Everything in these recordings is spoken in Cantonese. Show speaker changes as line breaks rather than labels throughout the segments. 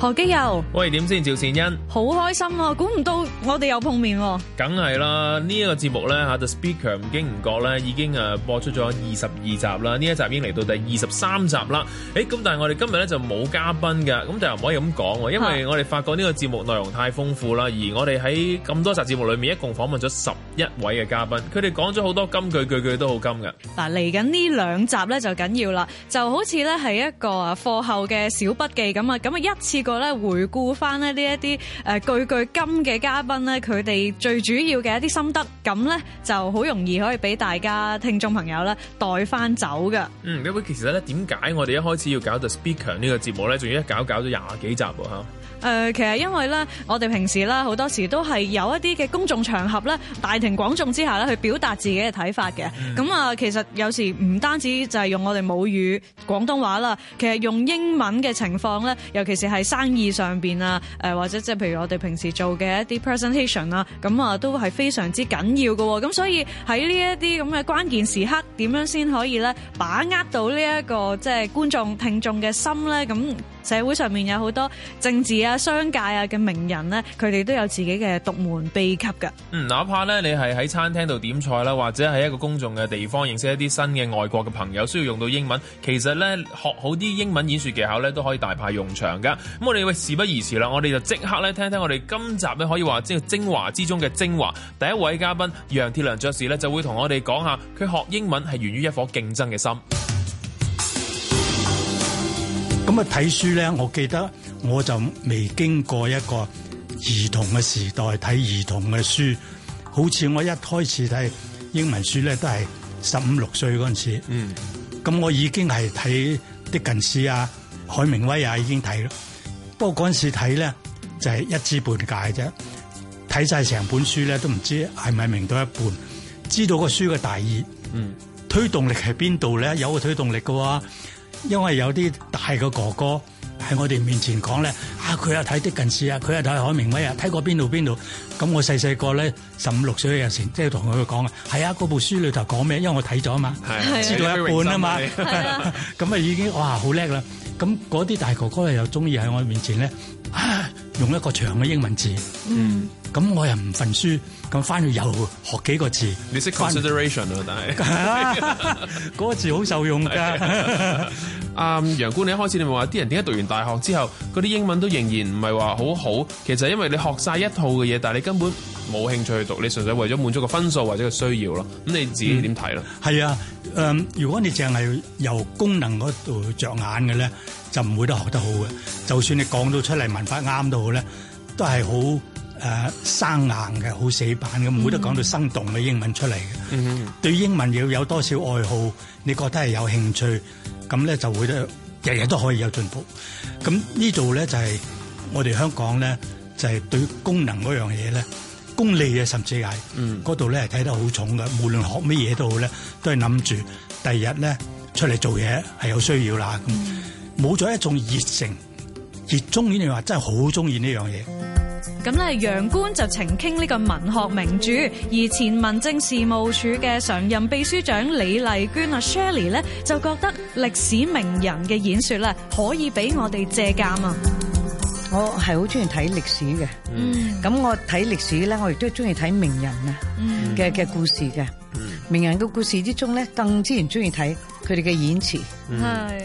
何基佑，
喂，點先？趙善恩，
好開心啊！估唔到我哋又碰面，
梗係啦。呢一個節目咧吓，The Speaker 唔經唔覺咧，已經啊播出咗二十二集啦。呢一集已經嚟到第二十三集啦。誒，咁但係我哋今日咧就冇嘉賓嘅，咁就唔可以咁講，因為我哋發覺呢個節目內容太豐富啦。而我哋喺咁多集節目裏面，一共訪問咗十一位嘅嘉賓，佢哋講咗好多金句，句句都好金嘅。
嗱，嚟緊呢兩集咧就緊要啦，就好似咧係一個啊課後嘅小筆記咁啊，咁啊一次。個咧回顧翻咧呢一啲誒句句金嘅嘉賓咧，佢哋最主要嘅一啲心得，咁咧就好容易可以俾大家聽眾朋友咧帶翻走噶。
嗯，咁其實咧點解我哋一開始要搞 The Speaker 呢個節目咧，仲要一搞搞咗廿幾集吓？
誒、呃，其實因為咧，我哋平時呢，好多時都係有一啲嘅公眾場合咧，大庭廣眾之下咧去表達自己嘅睇法嘅。咁啊、嗯嗯，其實有時唔單止就係用我哋母語廣東話啦，其實用英文嘅情況咧，尤其是係生意上面啊，呃、或者即係譬如我哋平時做嘅一啲 presentation 啦，咁、嗯、啊都係非常之緊要嘅、哦。咁所以喺呢一啲咁嘅關鍵時刻，點樣先可以咧把握到、這個、眾眾呢一個即係觀眾聽眾嘅心咧？咁、嗯社會上面有好多政治啊、商界啊嘅名人呢，佢哋都有自己嘅獨門秘笈㗎。
嗯，哪怕呢你係喺餐廳度點菜啦，或者喺一個公眾嘅地方認識一啲新嘅外國嘅朋友，需要用到英文，其實呢學好啲英文演説技巧呢都可以大派用場噶。咁我哋會事不宜遲啦，我哋就即刻咧聽聽我哋今集咧可以話即係精華之中嘅精華。第一位嘉賓楊鐵良爵士呢就會同我哋講下佢學英文係源於一顆競爭嘅心。
不過睇書咧，我記得我就未經過一個兒童嘅時代睇兒童嘅書，好似我一開始睇英文書咧，都係十五六歲嗰陣時。嗯。咁我已經係睇狄更斯啊、海明威啊，已經睇咯。不過嗰陣時睇咧，就係、是、一知半解啫。睇晒成本書咧，都唔知係咪明到一半，知道個書嘅大意。嗯。推動力係邊度咧？有個推動力嘅話。因為有啲大嘅哥哥喺我哋面前講咧，啊佢又睇狄更斯、就是、啊，佢又睇海明威啊，睇過邊度邊度。咁我細細個咧，十五六歲嘅時候，即係同佢哋講啊，係啊，嗰部書裏頭講咩？因為我睇咗啊嘛，啊知道一半啊嘛，咁啊 已經哇好叻啦。咁嗰啲大哥哥又鍾意喺我面前咧。啊用一個長嘅英文字，嗯，咁我又唔份書，咁翻去又學幾個字。
你識 consideration 啊去？但係嗰個字好受用㗎。 啊，楊官，你一開始你咪話啲人點解讀完大學之後嗰啲英文都仍然唔係話好好？其實因為你學曬一套嘅嘢，但係你根本冇興趣去讀，你純粹為咗滿足個分數或者個需要咯。咁你自己點睇咧？係啊，
誒，如果你淨係由功能嗰度着眼嘅咧，就唔會得學得好嘅。就算你講到出嚟文法啱都好咧，都係好。誒、啊，生硬嘅好死板嘅，唔冇得講到生動嘅英文出嚟嘅。嗯、哼對英文要有多少愛好，你覺得係有興趣，咁咧就會咧，日日都可以有進步。咁呢度咧就係我哋香港咧，就係對功能嗰樣嘢咧，功利嘅、啊、甚至係，嗰度咧係睇得好重嘅。無論學乜嘢都好咧，都係諗住第二日咧出嚟做嘢係有需要啦。冇咗、嗯、一種熱誠，熱衷，你話真係好中意呢樣嘢。
咁咧，楊官就澄清呢個文學名著，而前民政事務署嘅常任秘書長李麗娟啊，Shirley 咧就覺得歷史名人嘅演說咧，可以俾我哋借鑒啊！
我係好中意睇歷史嘅，嗯，咁我睇歷史咧，我亦都中意睇名人啊，嘅嘅故事嘅，嗯，mm. 名人嘅故事之中咧，更之然中意睇佢哋嘅演詞，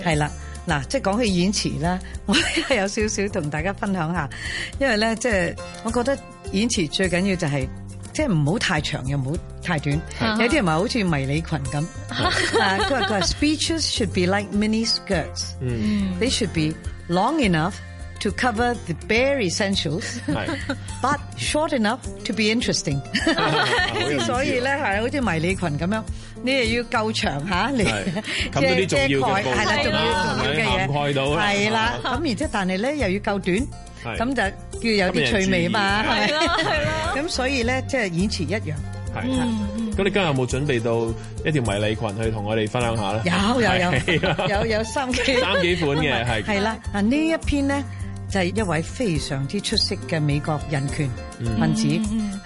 係啦、mm. 是。嗱，即係講起演辭啦，我有少少同大家分享一下，因為咧，即係我覺得演辭最緊要就係，即係唔好太長又唔好太短，是有啲人話好似迷你裙咁，佢話佢 話、啊、Speeches should be like mini skirts，嗯，they should be long enough。to cover the bare essentials，係，but short enough to be interesting。所以咧係好似迷你裙咁樣，你又要夠長嚇你，即係蓋，係啦，重要嘅嘢涵蓋到。係啦，咁而且但係咧又要夠短，咁就要有啲趣味嘛。係咯，係咯。咁所以咧即係以前一樣。係，嗯嗯。
咁你今日有冇準備到一條迷你裙去同我哋分享下咧？有有有，有有
三幾三幾款嘅係。係啦，嗱呢一篇咧。就係一位非常之出色嘅美國人權分子，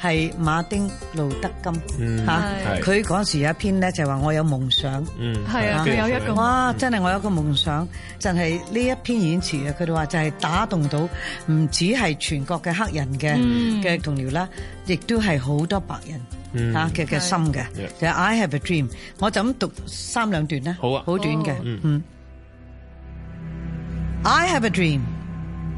係馬丁路德金嚇。佢嗰時有一篇咧就係話我有夢想，係啊，佢有一個哇，真係我有個夢想，就係呢一篇演辭啊。佢哋話就係打動到唔止係全國嘅黑人嘅嘅同僚啦，亦都係好多白人嚇嘅嘅心嘅，就係 I have a dream。我就咁讀三兩段啦，好啊，好短嘅，嗯，I have a dream。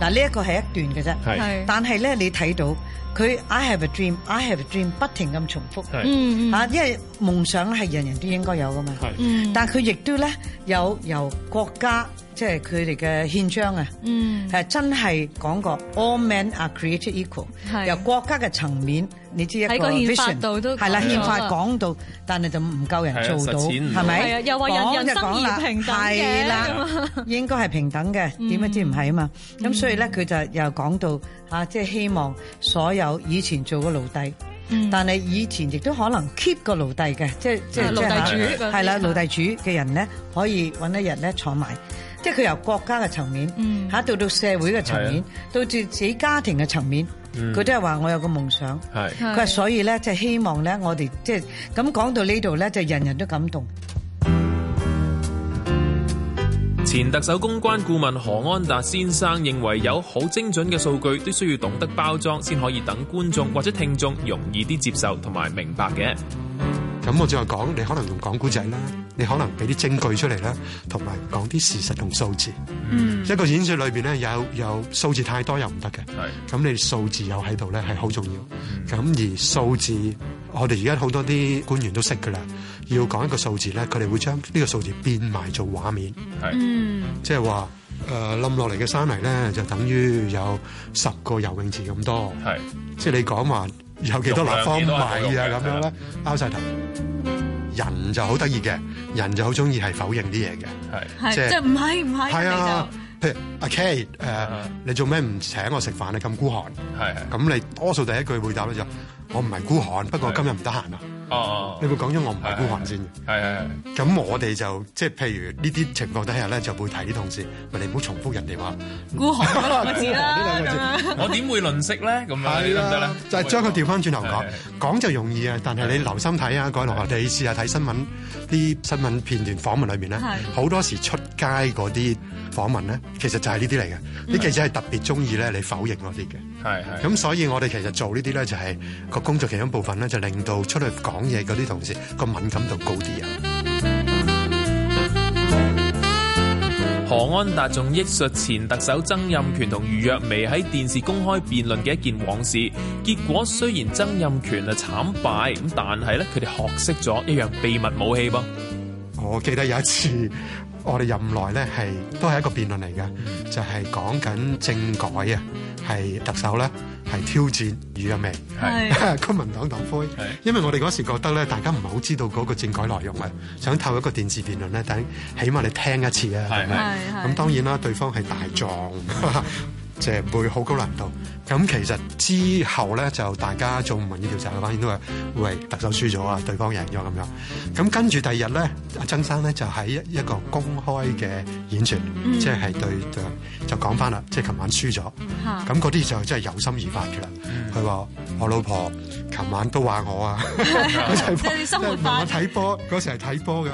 嗱，呢一個係一段嘅啫，但係咧你睇到佢 I have a dream，I have a dream 不停咁重複，啊，因為夢想係人人都應該有㗎嘛，但係佢亦都咧有由國家。即係佢哋嘅憲章啊，係真係講過 all men are created equal。由國家嘅層面，你知一個憲係啦，憲法講到，但係就唔夠人做到，係咪？又話人人生而平等嘅，應該係平等嘅，點樣知唔係啊？嘛，咁所以咧，佢就又講到嚇，即係希望所有以前做過奴隸，但係以前亦都可能 keep 個奴隸嘅，即係即係奴隸主，係啦，奴隸主嘅人咧可以揾一日咧坐埋。即係佢由國家嘅層面吓到、嗯、到社會嘅層面，的到自己家庭嘅層面，佢、嗯、都係話我有個夢想。佢話的所以咧，即、就、係、是、希望咧，我哋即係咁講到呢度咧，就是就是、人人都感動。
前特首公關顧問何安達先生認為，有好精準嘅數據都需要懂得包裝，先可以等觀眾或者聽眾容易啲接受同埋明白嘅。咁我就係講，你可能用
講古仔啦，你可能俾啲證據出嚟啦，同埋講啲事實同數字。嗯，一個演說裏邊咧，有有數字太多又唔得嘅。係，咁你數字又喺度咧，係好重要。咁而數字，我哋而家好多啲官員都識噶啦，要講一個數字咧，佢哋會將呢個數字變埋做畫面。係，嗯，即係話誒冧落嚟嘅山泥咧，就等於有十個游泳池咁多。係，即係你講話。有幾多立方米啊？咁樣咧，拗晒頭。人就好得意嘅，人就好中意係否認啲嘢嘅，即係唔係
唔係。係、就是、啊，
就譬如阿、啊、Kay、誒，的你做咩唔請我食飯呢？你咁孤寒，咁的你多數第一句回答咧就是。我唔係孤寒，不過今日唔得閒啦。哦，你會講咗我唔係孤寒先嘅。係係，咁我哋就即係譬如呢啲情況底下咧，就會提啲同事。唔，你唔好重複人哋話
孤寒兩個字，我點會
吝嗇咧？咁
樣
得啦，就係將佢調翻轉頭講，講就容易啊。但係你留心睇啊，各位同學，哋試下睇新聞、啲新聞片段訪問裏面咧，好多時出街嗰啲訪問咧，其實就係呢啲嚟嘅。啲記者係特別中意咧，你否認嗰啲嘅。系系，咁所以我哋其實做呢啲咧，就係個工作其中部分咧，就令到出去講嘢嗰啲同事個敏感度高啲啊。
何安達仲憶述前特首曾蔭權同余若薇喺電視公開辯論嘅一件往事，結果雖然曾蔭權啊慘敗，咁但係咧佢哋學識咗一樣秘密武器噃。我記得有一次。我哋任內咧，係都係一個辯論嚟嘅，
就係講緊政改啊，係特首咧係挑戰余若薇，係，是 公民黨黨魁。是因為我哋嗰時覺得咧，大家唔係好知道嗰個政改內容啊，想透一個電視辯論咧，但起碼你聽一次啊。係係。咁當然啦，對方係大狀。是 就係會好高難度，咁其實之後咧就大家做民意調查嘅反應都係喂特首輸咗啊，對方贏咗咁樣。咁跟住第二日咧，阿曾生咧就喺一個個公開嘅演說，即係、嗯、對對就講翻啦，即係琴晚輸咗，咁嗰啲就真係有心而發嘅啦。佢話、嗯、我老婆琴晚都話我啊，睇 波，我睇波嗰時係睇波嘅，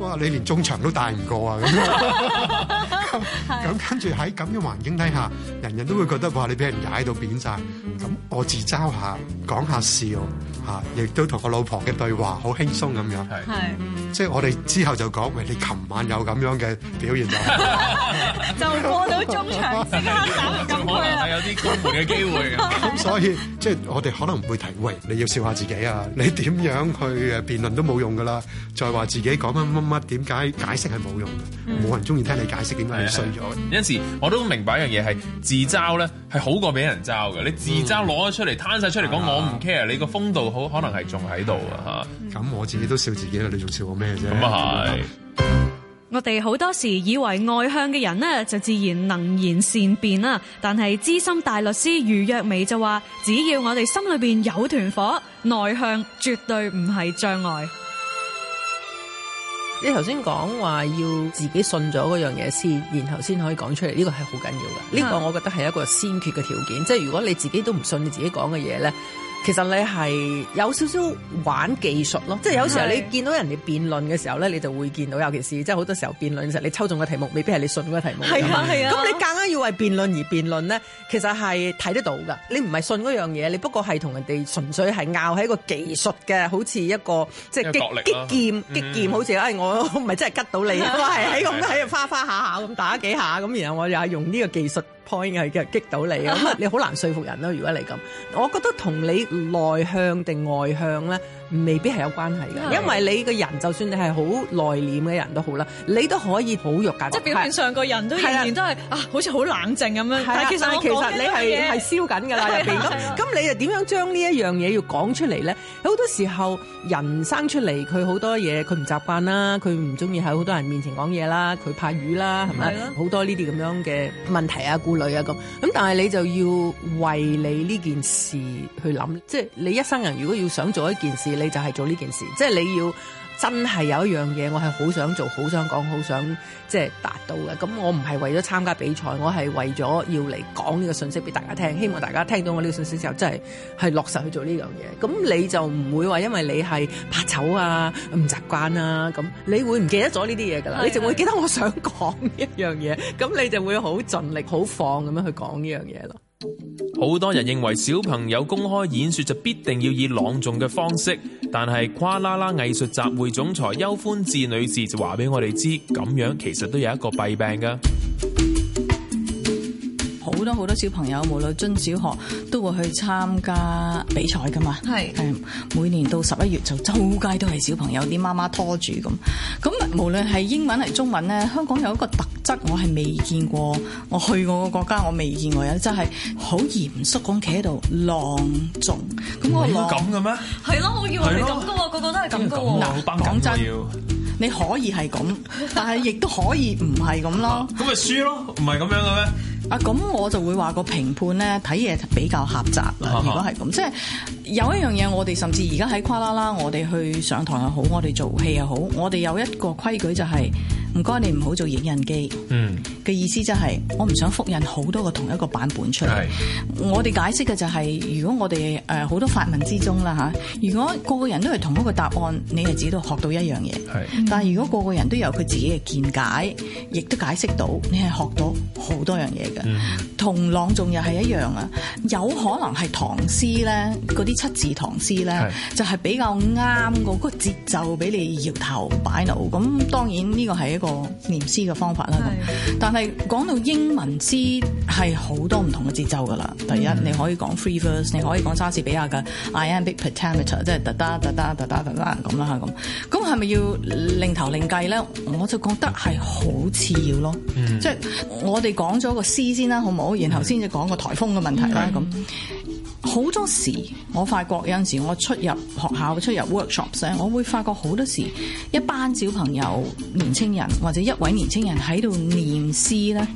哇！你連中場都帶唔過啊！ 咁跟住喺咁嘅環境底下，人人都會覺得話你俾人踩到扁晒。咁我自嘲下，講下笑吓，亦都同我老婆嘅對話好輕鬆咁樣。係，即係我哋之後就講，喂，你琴晚有咁樣嘅表現就過到
中場加
減咁樣，有啲公
平嘅機會。咁所以即係我哋可能唔會提，喂，你要笑下自己啊！你點樣去辯論都冇用噶啦，再
話自己講乜乜乜，點解解釋係冇用？冇人
中意聽你解釋
點解。咗，有陣時我都明白一樣嘢係自嘲呢，咧，係好過俾人嘲嘅。你自嘲攞咗出嚟，嗯、攤晒出嚟講，嗯、我唔 care。你個風度好，嗯、可能係仲喺度啊！吓，咁
我自己都笑自己啦，你仲笑
我咩啫？咁啊係。
我哋好多時以為外向嘅人呢就自然能言善辯啦。但係資深大律師余若薇就話，只要我哋心裏邊有團火，內向絕對唔係障礙。
你頭先講話要自己信咗嗰樣嘢先，然後先可以講出嚟，呢個係好緊要㗎。呢個我覺得係一個先決嘅條件，即係如果你自己都唔信你自己講嘅嘢咧。其實你係有少少玩技術咯，即、就、係、是、有時候你見到人哋辯論嘅時候咧，你就會見到尤其是即係好多時候辯論嘅時候，你抽中嘅題目未必係你信嗰個題目，係啊係啊。咁樣、啊、你夾硬要為辯論而辯論咧，其實係睇得到噶。你唔係信嗰樣嘢，你不過係同人哋純粹係拗喺個技術嘅，好似一個即係、就是、擊擊劍，擊劍、嗯、好似唉我唔係真係拮到你，我係喺咁喺度花花下下咁打幾下，咁然後我又係用呢個技術。point 係嘅，激到你咁，你好難說服人咯。 如果你咁，我覺得同你內向定外向咧？未必係有關係嘅，因為你個人就算你係好內斂嘅人都好啦，你都可以好肉緊㗎，即係表面上
個人都然面都係啊，好似好冷靜咁樣，但係其實你係係燒緊㗎啦入邊。
咁咁你又點樣將呢一樣嘢要講出嚟咧？好多時候人生出嚟，佢好多嘢佢唔習慣啦，佢唔中意喺好多人面前講嘢啦，佢怕瘀啦，係咪？好多呢啲咁樣嘅問題啊、顧慮啊咁。咁但係你就要為你呢件事去諗，即係你一生人如果要想做一件事你就係做呢件事，即係你要真係有一樣嘢，我係好想做好想講好想即係達到嘅。咁我唔係為咗參加比賽，我係為咗要嚟講呢個信息俾大家聽，希望大家聽到我呢個信息之後，真係係落實去做呢樣嘢。咁你就唔會話因為你係怕醜啊、唔習慣啊咁，你會唔記得咗呢啲嘢噶啦。是是你就會記得我想講呢樣嘢，咁是是你就會好盡力、好放咁樣去講呢樣嘢咯。
好多人認為小朋友公開演說就必定要以朗誦嘅方式，但係跨啦啦藝術集會總裁邱歡志女士就話俾我哋知，咁樣其實都有一個弊病噶。
好多好多小朋友，無論進小學都會去參加比賽㗎嘛。係是，每年到十一月就周街都係小朋友啲媽媽拖住咁。咁無論係英文係中文咧，香港有一個特質，我係未見過。我去過個國家，我未見過有真係好嚴肅咁企喺度朗讀。咁我係咁嘅咩？係咯，我以為你咁嘅喎，是的個個都係咁嘅喎。講真、啊，你可以係咁， 但係亦都可以唔係咁咯。
咁咪、啊、輸咯？唔係
咁樣嘅咩？啊，咁我就會話個評判咧睇嘢比較狹窄啦。如果係咁， 即係有一樣嘢，我哋甚至而家喺跨啦啦，我哋去上堂又好，我哋做戲又好，我哋有一個規矩就係唔該你唔好做影印機。嗯嘅意思就係、是、我唔想複印好多個同一個版本出嚟。是我哋解釋嘅就係、是，如果我哋誒好多發問之中啦吓，如果個個人都係同一個答案，你係只到學到一樣嘢。是但係如果個個人都有佢自己嘅見解，亦都解釋到，你係學到好多樣嘢。同朗誦又係一樣啊，有可能係唐詩咧，啲七字唐詩咧，就係比較啱個個節奏俾你搖頭擺腦。咁當然呢個係一個念詩嘅方法啦。但係講到英文詩，係好多唔同嘅節奏噶啦。第一，你可以講 free verse，你可以講莎士比亞嘅 iambic pentameter 即係得得得得得得得得咁啦咁。咁係咪要另頭另計咧？我就覺得係好次要咯。即係我哋講咗個詩。先啦，好唔好？然後先至講個台風嘅問題啦。咁好多時，我發覺有陣時我出入學校、出入 workshop，我會發覺好多時，一班小朋友、年青人或者一位年青人喺度念詩咧，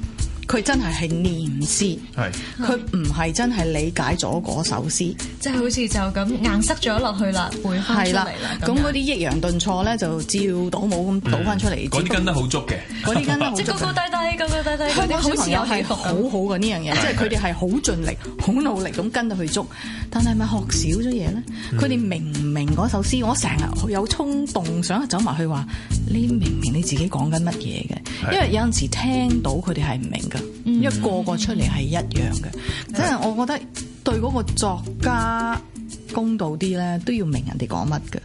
佢真係係念詩，係佢唔係真係理解咗嗰首詩，
即係好似就咁硬塞咗落去啦，背翻出嚟啦。咁嗰
啲抑揚頓挫咧，就照倒模咁倒翻出嚟。嗰啲跟得好足嘅，嗰啲跟得好即係高高低低。香港小朋友係好好嘅呢樣嘢，即係佢哋係好盡力、好對努力咁跟到去捉，但係咪學少咗嘢咧？佢哋，嗯、明唔明嗰首詩，我成日有衝動想走埋去話，你明唔明你自己講緊乜嘢嘅？對 因為有陣時聽到佢哋係唔明噶。嗯、因為個個出嚟係一樣嘅，即係對 我覺得對嗰個作家公道啲咧，都要明人哋講乜嘅。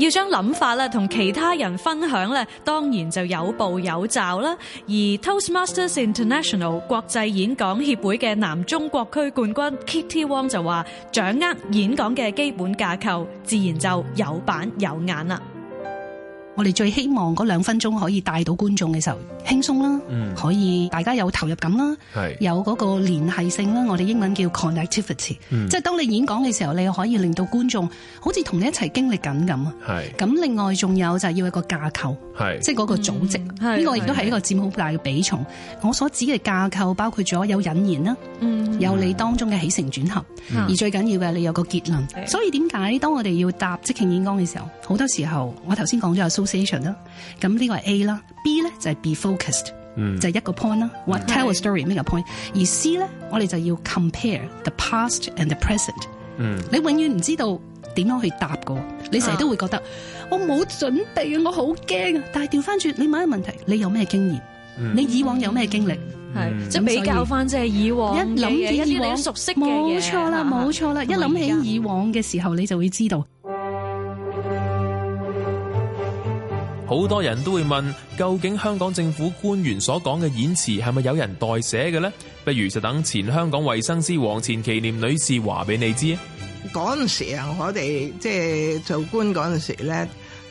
要將諗法咧同其他人分享咧，當然就有步有驟啦。而 Toastmasters International 國際演講協會嘅南中國區冠軍 Kitty Wong 就話：掌握演講嘅基本架構，
自然就有板有眼啦。我哋最希望嗰兩分鐘可以帶到觀眾嘅時候，輕鬆啦，可以大家有投入感啦，有嗰個聯繫性啦。我哋英文叫 connectivity，即係當你演講嘅時候，你可以令到觀眾好似同你一齊經歷緊咁。咁另外仲有就係要一個架構，即係嗰個組織，織。呢個亦都係一個佔好大嘅比重。我所指嘅架構包括咗有引言啦，有你當中嘅起承轉合，而最緊要嘅你有個結論，所以點解當我哋要搭即興演講嘅時候，好多時候我頭先講咗阿啦，咁呢個係 A 啦，B 咧就係 be focused，就係一個 point 啦，或 tell a story make 個 point，而 C 咧我哋就要 compare the past and the present。嗯，你永遠唔知道點樣去答個，你成日都會覺得我冇準備啊，我好驚啊。但係調翻轉，你問一問題，你有咩經驗？你以往有咩經歷？係即係比較翻即係以往嘅嘢，一諗起啲你熟悉嘅嘢，冇錯啦，冇錯啦，一諗起以往嘅時候，你就會知道。
好多人都會問，究竟香港政府官員所講嘅演辭係咪有人代寫嘅咧？不如就等前香港衛生司黃錢其濂女士話俾你知。嗰
陣時啊，我哋即係做官嗰陣時咧，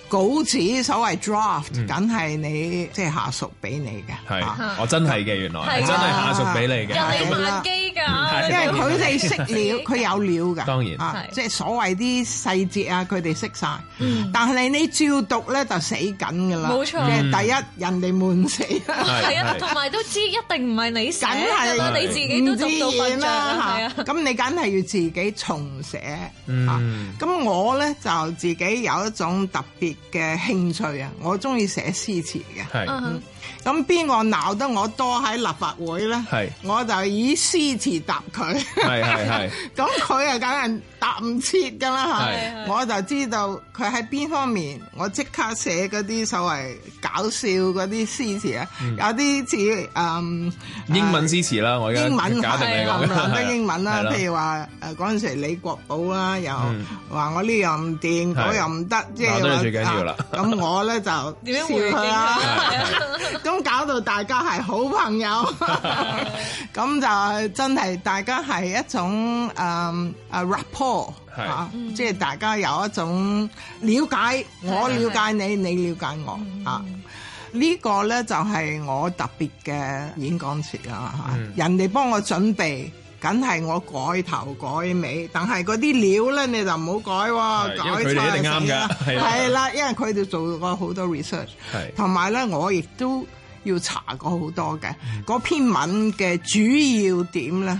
稿紙所謂 draft 梗係你即係下屬俾你嘅。
係，我真係嘅，原來真係下屬俾你嘅。啊
的
因
為佢哋識料，佢有料噶。當然啊，即係所謂啲細節啊，佢哋識晒。但係你照讀咧就死緊噶啦，冇錯。第一人哋悶死，係啊，同
埋都知一定唔係你寫，梗係你自己都知
到啦，係啊。咁你梗係要自己重寫。嗯。咁我咧就自己有一種特別嘅興趣啊，我中意寫詩詞嘅。係。咁邊個鬧得我多喺立法會咧？係我就以詩詞答佢。係係係，咁佢啊梗係。 答唔切噶啦嚇，我就知道佢喺邊方面，我即刻寫嗰啲所謂搞笑嗰啲詩詞啊，有啲似嗯英文詩
詞啦，我英文搞掂英文啦，譬如話
誒陣時李國寶啦，又話我呢樣又唔掂，我又唔得，即係最緊要啦。咁我咧就點樣回佢啊？咁搞到大家係好朋友，咁就真係大家係一種誒誒 rapport。哦，吓，即係大家有一種了解，我了解你，你了解我，吓呢個咧就係我特別嘅演講詞啦。吓，人哋幫我準備，梗係我改頭改尾，但係嗰啲料咧你就唔好改，改差啲啦。係啦，因為佢哋做過好多 research，同埋咧我亦都要查過好多嘅嗰篇文嘅主要點咧。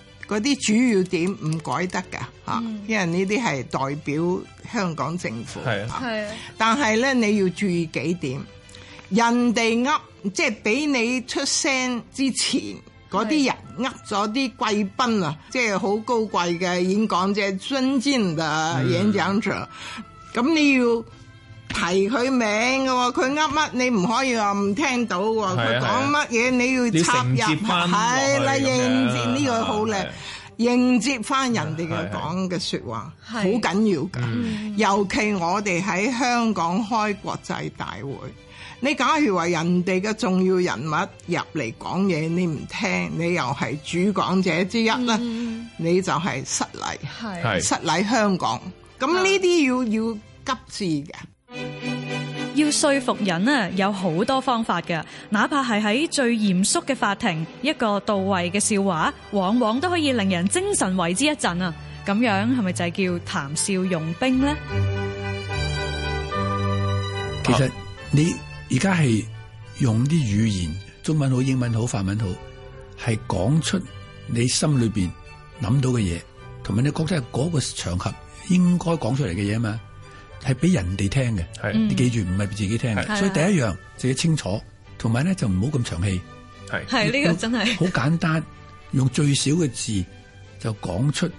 嗰啲主要點唔改得噶，嗯、因為呢啲係代表香港政府，係，但係咧你要注意幾點，人哋呃，即係俾你出聲之前，嗰啲人呃咗啲貴賓啊，即係好高貴嘅演講者，尊敬嘅演講者，咁你要。提佢名㗎喎，佢噏乜你唔可以話唔聽到喎。佢講乜嘢你要插入係啦，迎接呢個好靚迎接返人哋嘅講嘅説話，好緊要㗎。尤其我哋喺香港開國際大會，你假如話人哋嘅重要人物入嚟講嘢，你唔聽，你又係主講者之一啦，你就係失禮係失禮
香港。咁呢啲要要急治嘅。要說服人啊，有好多方法㗎。哪怕係喺最嚴肅嘅法庭，一個到位嘅笑話，往往都可以令人精神為之一振啊。咁樣係咪就係叫談笑用兵咧？
其實你而家係用啲語言，中文好，英文好，法文好，係講出你心裏邊諗到嘅嘢，同埋你覺得係嗰個場合應該講出嚟嘅嘢啊嘛。係俾人哋聽嘅，你記住唔係俾自己聽嘅，所以第一樣自己清楚，同埋咧就唔好咁長氣。係，係呢個真係好簡單，用最少嘅字就講出誒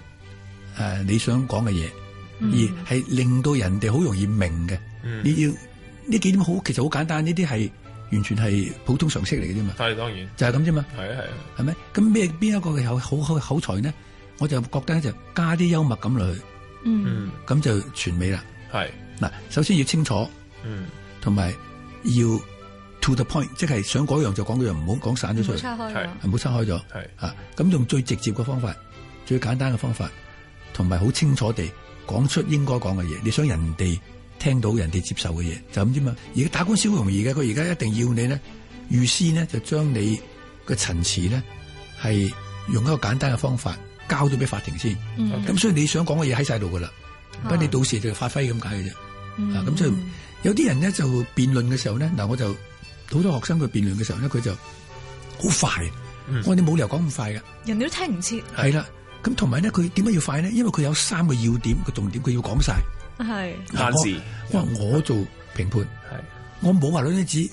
你想講嘅嘢，而係令到人哋好容易明嘅。你要呢幾點好，其實好簡單，呢啲係完全係普通常識嚟嘅啫嘛。係，當然就係咁啫嘛。係啊係啊，係咪？咁咩邊一個有好好嘅口才呢？我就覺得就加啲幽默感落去，嗯，咁就完美啦。係嗱，是首先要清楚，嗯，同埋要 to the point，即係想嗰樣就講嗰樣，唔好講散咗出嚟，係，唔好岔是是開咗，係是，啊，咁用最直接嘅方法，最簡單嘅方法，同埋好清楚地講出應該講嘅嘢，你想人哋聽到人哋接受嘅嘢，就咁之嘛。而家打官司好容易嘅，佢而家一定要你咧預先呢，就將你個陳詞咧係用一個簡單嘅方法交咗俾法庭先，咁、嗯、所以你想講嘅嘢喺晒度噶啦。咁你到時就發揮咁解嘅啫。
嗯、啊咁所以
有啲人咧就辯論嘅時候咧嗱，我就好多學生佢辯論嘅時候咧佢就好快，嗯、我話你冇理由講咁快嘅，
人哋都聽唔切。係啦，
咁同埋咧佢點解要快咧？因為佢有三個要點個重點，佢要講晒。
係限時，我話
我做評判，我冇話攞張紙，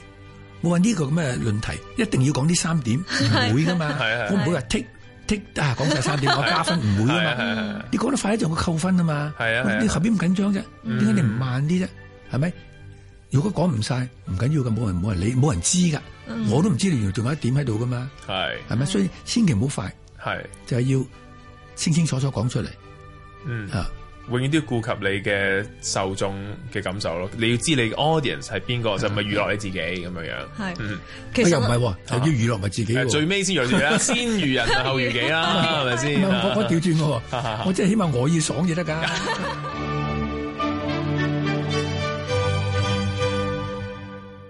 我話呢個咁嘅論題一定要講呢三點，唔、嗯、是會噶嘛，是是是我唔會話剔。即，啊！講晒三點，我加分唔 會啊嘛。啊啊你講得快就會扣分啊嘛。係啊，啊你後邊唔緊張啫，嗯、點解你唔慢啲啫？係咪？如果講唔晒唔緊要嘅，冇人冇人理，冇人知噶。嗯、我都唔知你原來仲有一點喺度噶嘛。係係咪？所以千祈唔好快。係是就係要清清楚楚講出嚟。嗯啊。
永遠都要顧及你嘅受眾嘅感受咯，你要知你嘅 audience 係邊個，就咪娛樂你自己咁樣樣。
係，其實又唔係，又要
娛樂咪自己。最尾先娛樂，先娛人後娛己啦，係咪先？我我調轉我，我真係希
望我要爽嘢得㗎。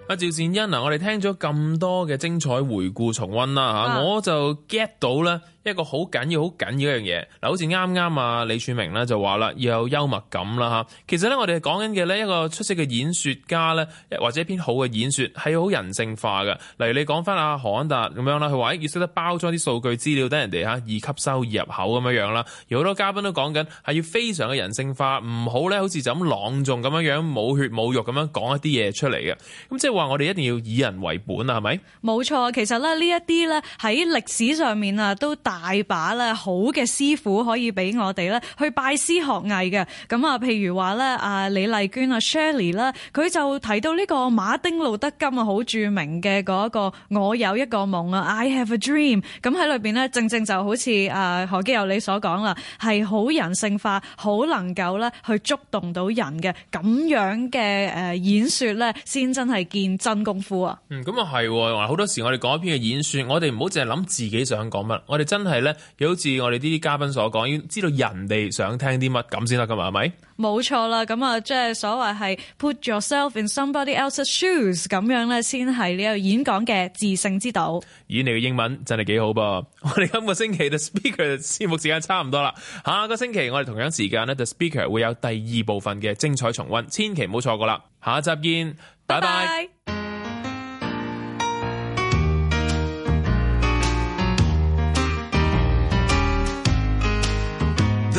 阿趙善恩啊，我哋聽咗咁多嘅精彩回顧重溫啦，嚇，我就 get 到啦。一個好緊要、好緊要一樣嘢嗱，好似啱啱啊李柱銘咧就話啦，要有幽默感啦吓。其實咧，我哋講緊嘅呢一個出色嘅演說家咧，或者一篇好嘅演說係要好人性化嘅。例如你講翻阿何安達咁樣啦，佢話要識得包裝啲數據資料等人哋吓易吸收易入口咁樣樣啦。有好多嘉賓都講緊係要非常嘅人性化，唔好咧好似就咁朗誦咁樣樣冇血冇肉咁樣講一啲嘢出嚟嘅。咁即係話我哋一定要以人為本啊，係咪？
冇錯，其實咧呢一啲咧喺歷史上面啊都。大把啦，好嘅師傅可以俾我哋咧去拜師學藝嘅。咁啊，譬如話咧，啊李麗娟啊、Shelly 啦，佢就提到呢個馬丁路德金啊，好著名嘅嗰一個。我有一個夢啊，I have a dream。咁喺裏面呢，正正就好似啊何基佑你所講啦，係好人性化，好能夠咧去觸動到人嘅咁樣嘅演說咧，先真係見真功夫啊。
咁啊係，嗱、嗯、好、嗯嗯、多時我哋講一篇嘅演說，我哋唔好淨係諗自己想講乜，我哋真。真係咧，好似我哋呢啲嘉賓所講，要知道人哋想聽啲乜咁先得噶嘛，係咪？
冇錯啦，咁啊，即係所謂係 put yourself in somebody else's shoes 咁樣咧，先係呢個演講嘅自勝之道。
咦，你嘅英文真係幾好噃！我哋今個星期 The Speaker 嘅節目時間差唔多啦，下個星期我哋同樣時間呢，The Speaker 會有第二部分嘅精彩重溫，千祈唔好錯過啦！下集見，拜拜 bye。Bye
bye